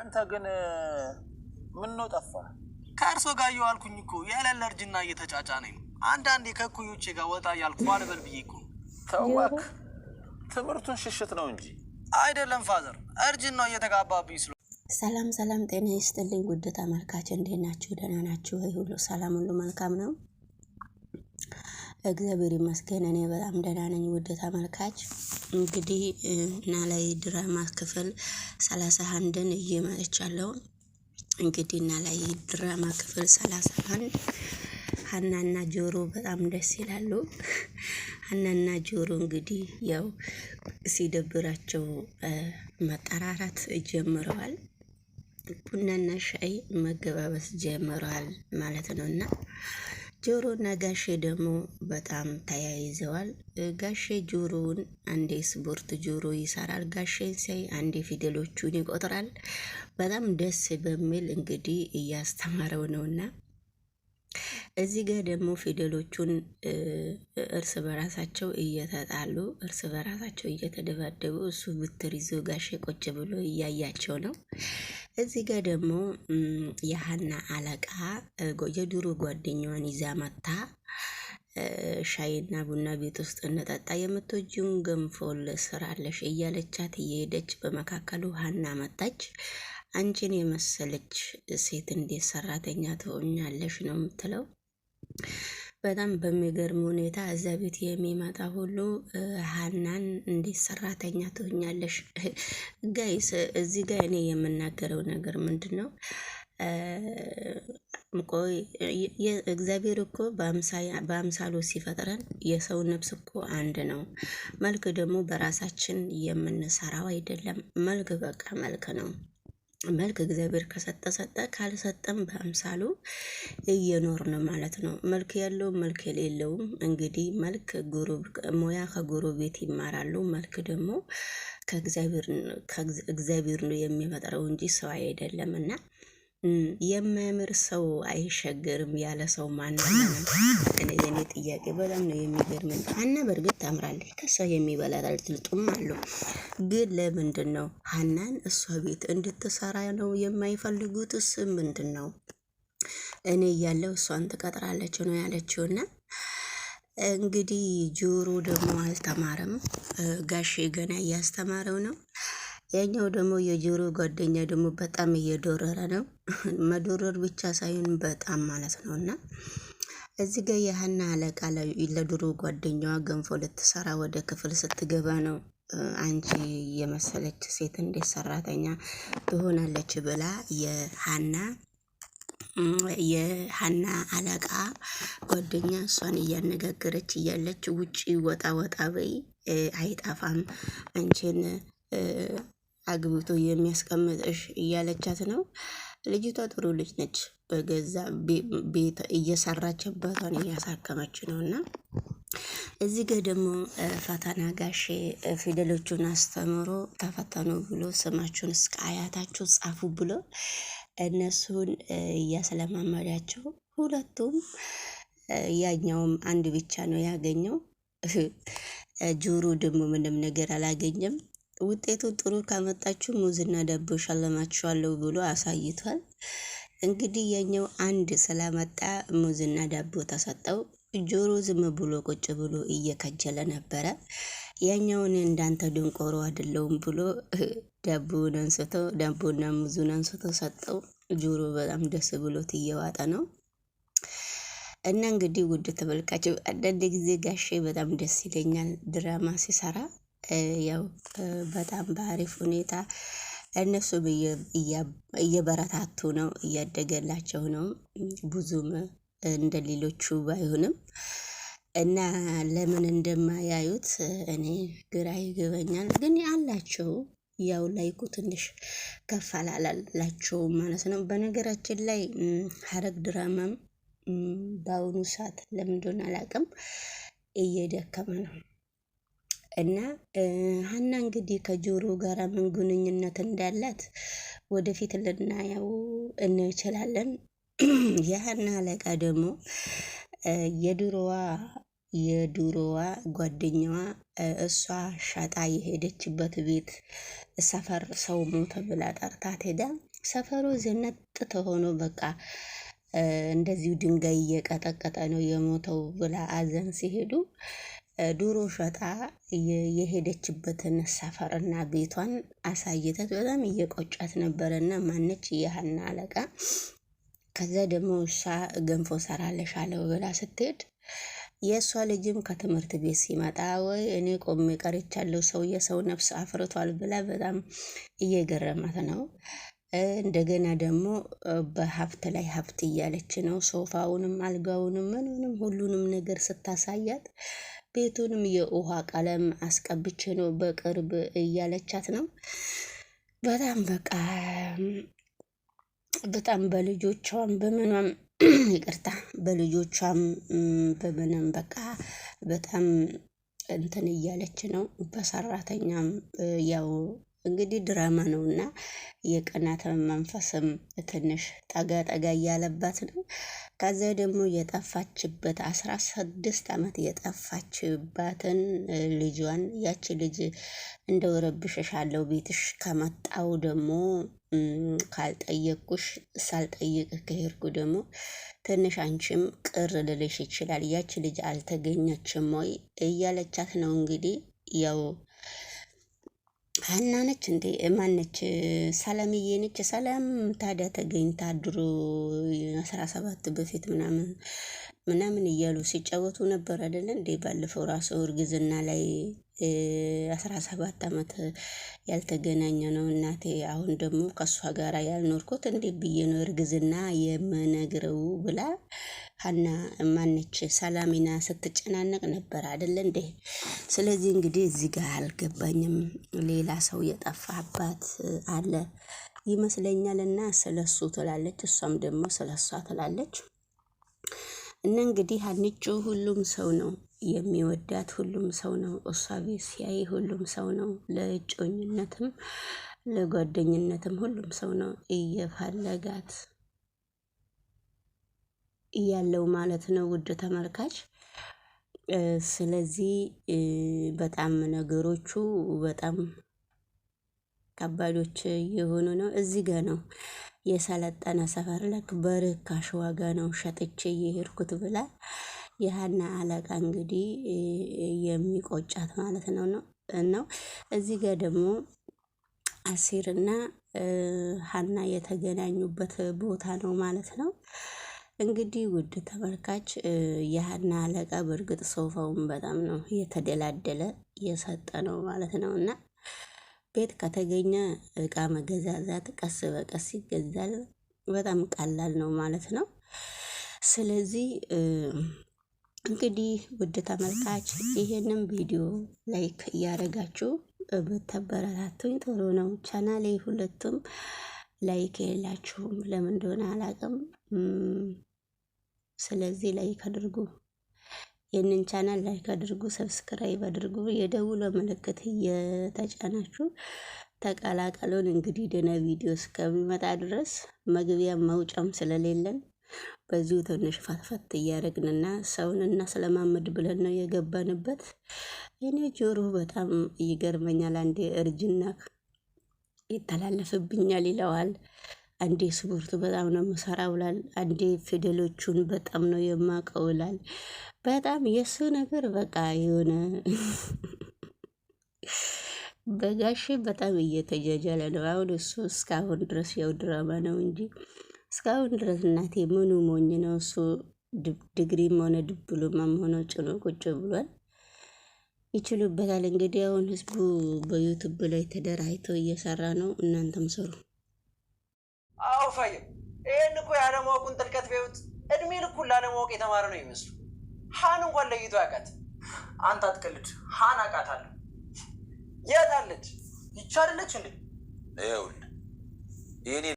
አንተ ግን ምን ነው ጠፋ? ከእርሶ ጋር እየዋልኩኝ እኮ የዕለት እርጅና እየተጫጫነኝ ነው። አንዳንዴ ከእኩዮቼ ጋር ወጣ እያልኩ አልበል ብዬ እኮ ተዋክ። ተው ትምህርቱን ሽሽት ነው እንጂ አይደለም ፋዘር፣ እርጅናው እየተጋባብኝ ስለ ሰላም ሰላም፣ ጤና ይስጥልኝ ውድ ተመልካች፣ እንዴት ናችሁ? ደህና ናችሁ ወይ? ሁሉ ሰላም፣ ሁሉ መልካም ነው። እግዚአብሔር ይመስገን እኔ በጣም ደህና ነኝ። ውድ ተመልካች እንግዲህ ላይ ድራማ ክፍል ሰላሳ አንድን እየመጥቻለሁ። እንግዲህ ናላይ ድራማ ክፍል ሰላሳ አንድ ሀናና ጆሮ በጣም ደስ ይላሉ። ሀናና ጆሮ እንግዲህ ያው ሲደብራቸው መጠራራት ጀምረዋል። ቡናና ሻይ መገባበስ ጀምረዋል ማለት ነው እና ጆሮ እና ጋሼ ደግሞ በጣም ተያይዘዋል። ጋሼ ጆሮውን አንዴ ስፖርት ጆሮ ይሰራል። ጋሼን ሳይ አንዴ ፊደሎቹን ይቆጥራል። በጣም ደስ በሚል እንግዲህ እያስተማረው ነውና እዚህ ጋር ደግሞ ፊደሎቹን እርስ በራሳቸው እየተጣሉ እርስ በራሳቸው እየተደባደቡ እሱ ብትር ይዞ ጋሼ ቆጭ ብሎ እያያቸው ነው። እዚህ ጋር ደግሞ የሀና አለቃ የድሮ ጓደኛዋን ይዛ መታ ሻይና ቡና ቤት ውስጥ እንጠጣ የምትወጂውን ገንፎ ልስራለሽ እያለቻት እየሄደች በመካከሉ ሀና መጣች። አንቺን የመሰለች ሴት እንዴት ሰራተኛ ትሆኛለሽ ነው የምትለው። በጣም በሚገርም ሁኔታ እዛ ቤት የሚመጣ ሁሉ ሀናን እንዴት ሰራተኛ ትሆኛለሽ? ጋይስ እዚህ ጋር እኔ የምናገረው ነገር ምንድን ነው? ቆይ እግዚአብሔር እኮ በአምሳሉ ሲፈጥረን የሰው ነብስ እኮ አንድ ነው። መልክ ደግሞ በራሳችን የምንሰራው አይደለም። መልክ በቃ መልክ ነው። መልክ እግዚአብሔር ከሰጠ ሰጠ፣ ካልሰጠም በአምሳሉ እየኖር ነው ማለት ነው። መልክ ያለውም መልክ የሌለውም እንግዲህ መልክ ሙያ ከጎረቤት ይማራሉ። መልክ ደግሞ ከእግዚአብሔር ነው የሚፈጥረው እንጂ ሰው አይደለም እና የሚያምር ሰው አይሸገርም ያለ ሰው ማናለንም። እኔ የኔ ጥያቄ በጣም ነው የሚገርመኝ። ሀና በእርግጥ ታምራለች፣ ከሰው የሚበላል ጥልጡም አሉ። ግን ለምንድን ነው ሀናን እሷ ቤት እንድትሰራ ነው ስ ምንድን ነው እኔ እያለው እሷን ትቀጥራለች ነው ያለችውና እንግዲህ ጆሮ ደግሞ አልተማረም። ጋሼ ገና እያስተማረው ነው። ያኛው ደግሞ የጆሮ ጓደኛ ደግሞ በጣም እየዶረረ ነው። መዶረር ብቻ ሳይሆን በጣም ማለት ነው እና እዚ ጋ የሀና አለቃ ለድሮ ጓደኛዋ ገንፎ ልትሰራ ወደ ክፍል ስትገባ ነው አንቺ የመሰለች ሴት እንዴት ሰራተኛ ትሆናለች ብላ የሀና የሀና አለቃ ጓደኛ እሷን እያነጋገረች እያለች ውጪ ወጣ ወጣ በይ አይጣፋም አንቺን አግብቶ የሚያስቀምጥሽ እያለቻት ነው። ልጅቷ ጥሩ ልጅ ነች። በገዛ ቤት እየሰራች አባቷን እያሳከመች ነው እና እዚህ ጋር ደግሞ ፈተና ጋሼ ፊደሎቹን አስተምሮ ተፈተኑ ብሎ ስማችሁን እስከ አያታችሁ ጻፉ ብሎ እነሱን እያስለማመዳቸው ሁለቱም ያኛውም አንድ ብቻ ነው ያገኘው። ጆሮ ደግሞ ምንም ነገር አላገኘም። ውጤቱ ጥሩ ካመጣችሁ ሙዝና ዳቦ ሸልማችኋለሁ ብሎ አሳይቷል። እንግዲህ የኛው አንድ ስላመጣ ሙዝና ዳቦ ተሰጠው። ጆሮ ዝም ብሎ ቁጭ ብሎ እየከጀለ ነበረ። የኛውን እንዳንተ ድንቆሮ አይደለውም ብሎ ዳቦን አንስቶ ዳቦና ሙዙን አንስቶ ሰጠው። ጆሮ በጣም ደስ ብሎት እየዋጠ ነው። እና እንግዲህ ውድ ተመልካች አንዳንድ ጊዜ ጋሼ በጣም ደስ ይለኛል ድራማ ሲሰራ ያው በጣም በአሪፍ ሁኔታ እነሱ እየበረታቱ ነው፣ እያደገላቸው ነው። ብዙም እንደ ሌሎቹ ባይሆንም እና ለምን እንደማያዩት እኔ ግራ ይገበኛል። ግን አላቸው ያው ላይኩ ትንሽ ከፍ አላላቸው ማለት ነው። በነገራችን ላይ ሐረግ ድራማም በአሁኑ ሰዓት ለምንድን አላውቅም እየደከመ ነው። እና ሀና እንግዲህ ከጆሮ ጋር ምን ግንኙነት እንዳላት ወደፊት ልናየው እንችላለን። የሀና አለቃ ደግሞ የድሮዋ የድሮዋ ጓደኛዋ እሷ ሻጣ የሄደችበት ቤት ሰፈር ሰው ሞተ ብላ ጠርታት ሄዳ ሰፈሩ ዝነጥ ተሆኖ በቃ እንደዚሁ ድንጋይ እየቀጠቀጠ ነው የሞተው ብላ አዘን ሲሄዱ ዶሮ ሸጣ የሄደችበትን ሰፈርና ቤቷን አሳይተት በጣም እየቆጫት ነበረና ማነች የሀና አለቃ። ከዛ ደግሞ እሷ ገንፎ አለው ብላ ስትሄድ የእሷ ልጅም ከትምህርት ቤት ሲመጣ ወይ እኔ ቆሜ ቀርቻለሁ፣ ሰው የሰው ነፍስ አፍርቷል ብላ በጣም እየገረማት ነው። እንደገና ደግሞ በሀብት ላይ ሀብት እያለች ነው። ሶፋውንም አልጋውንም ምንንም ሁሉንም ነገር ስታሳያት ቤቱንም የውሃ ቀለም አስቀብቼ ነው በቅርብ እያለቻት ነው። በጣም በቃ በጣም በልጆቿም በምኗም ይቅርታ በልጆቿም በምንም በቃ በጣም እንትን እያለች ነው። በሰራተኛም ያው እንግዲህ ድራማ ነው እና የቀናት መንፈስም ትንሽ ጠጋ ጠጋ እያለባት ነው። ከዚያ ደግሞ የጠፋችበት አስራ ስድስት ዓመት የጠፋችባትን ልጇን ያቺ ልጅ እንደው አለው ቤትሽ ከመጣው ደግሞ ካልጠየቅኩሽ ሳልጠይቅ ከሄድኩ ደግሞ ትንሽ አንቺም ቅር ልልሽ ይችላል። ያቺ ልጅ አልተገኘችም ወይ እያለቻት ነው እንግዲህ ያው ነች እንዴ ማነች? ሰላምዬ ነች። ሰላም ታዲያ ተገኝታ ድሮ አስራ ሰባት በፊት ምናምን ምናምን እያሉ ሲጫወቱ ነበር አይደለ እንዴ? ባለፈው ራሱ እርግዝና ላይ አስራ ሰባት አመት ያልተገናኘ ነው እናቴ። አሁን ደግሞ ከእሷ ጋር ያልኖርኩት እንዴ ብዬ ነው እርግዝና የምነግረው ብላ ሀና ማነች ሰላሜና ስትጨናነቅ ነበር አይደለ እንዴ? ስለዚህ እንግዲህ እዚህ ጋር አልገባኝም። ሌላ ሰው የጠፋባት አለ ይመስለኛል እና ስለ እሱ ትላለች፣ እሷም ደግሞ ስለ እሷ ትላለች። እና እንግዲህ ሀንቹ ሁሉም ሰው ነው የሚወዳት፣ ሁሉም ሰው ነው እሷ ቤት ሲያይ ሁሉም ሰው ነው ለእጮኝነትም ለጓደኝነትም ሁሉም ሰው ነው እየፈለጋት እያለው ማለት ነው ውድ ተመልካች። ስለዚህ በጣም ነገሮቹ በጣም ከባዶች የሆኑ ነው። እዚህ ጋ ነው የሰለጠነ ሰፈር ለክ በርካሽ ዋጋ ነው ሸጥቼ የሄድኩት ብላ የሀና አለቃ እንግዲህ የሚቆጫት ማለት ነው ነው እዚህ ጋ ደግሞ አሲርና ሀና የተገናኙበት ቦታ ነው ማለት ነው። እንግዲህ ውድ ተመልካች የሀና አለቃ በእርግጥ ሶፋውን በጣም ነው የተደላደለ የሰጠ ነው ማለት ነው። እና ቤት ከተገኘ እቃ መገዛዛት ቀስ በቀስ ይገዛል። በጣም ቀላል ነው ማለት ነው። ስለዚህ እንግዲህ ውድ ተመልካች ይሄንን ቪዲዮ ላይክ እያደረጋችሁ ብተበረታቱኝ ጥሩ ነው። ቻናሌ ሁለቱም ላይክ የላችሁም። ለምን እንደሆነ አላውቅም። ስለዚህ ላይክ አድርጉ፣ ይህንን ቻናል ላይክ አድርጉ፣ ሰብስክራይብ አድርጉ፣ የደውሎ ምልክት እየተጫናችሁ ተቀላቀሉን። እንግዲህ ደህና ቪዲዮ እስከሚመጣ ድረስ መግቢያ መውጫም ስለሌለን በዚሁ ትንሽ ፈትፈት እያደረግንና ሰውን ስለማመድ ብለን ነው የገባንበት። እኔ ጆሮ በጣም ይገርመኛል። አንዴ እርጅና ይተላለፍብኛል ይለዋል። አንዴ ስፖርት በጣም ነው የምሰራው ብላል። አንዴ ፊደሎቹን በጣም ነው የማውቀው ብላል። በጣም የእሱ ነገር በቃ የሆነ በጋሽ በጣም እየተጃጃለ ነው። አሁን እሱ እስካሁን ድረስ ያው ድራማ ነው እንጂ እስካሁን ድረስ እናቴ ምኑ ሞኝ ነው እሱ ድግሪም ሆነ ድብሉማም ሆነ ጭኖ ቁጭ ብሏል። ይችሉበታል። እንግዲህ አሁን ህዝቡ በዩቱብ ላይ ተደራጅቶ እየሰራ ነው። እናንተም ስሩ። አዎ ፋየ ይህን እኮ ያለማወቁን ጥልቀት ቢያዩት እድሜ ልኩን ላለማወቅ የተማረ ነው ይመስሉ። ሀን እንኳን ለይቶ ያውቃት። አንተ አትቀልድ፣ ሀን አውቃታለሁ። የት አለች? ይቻልለች እንዴ? ይኸውልህ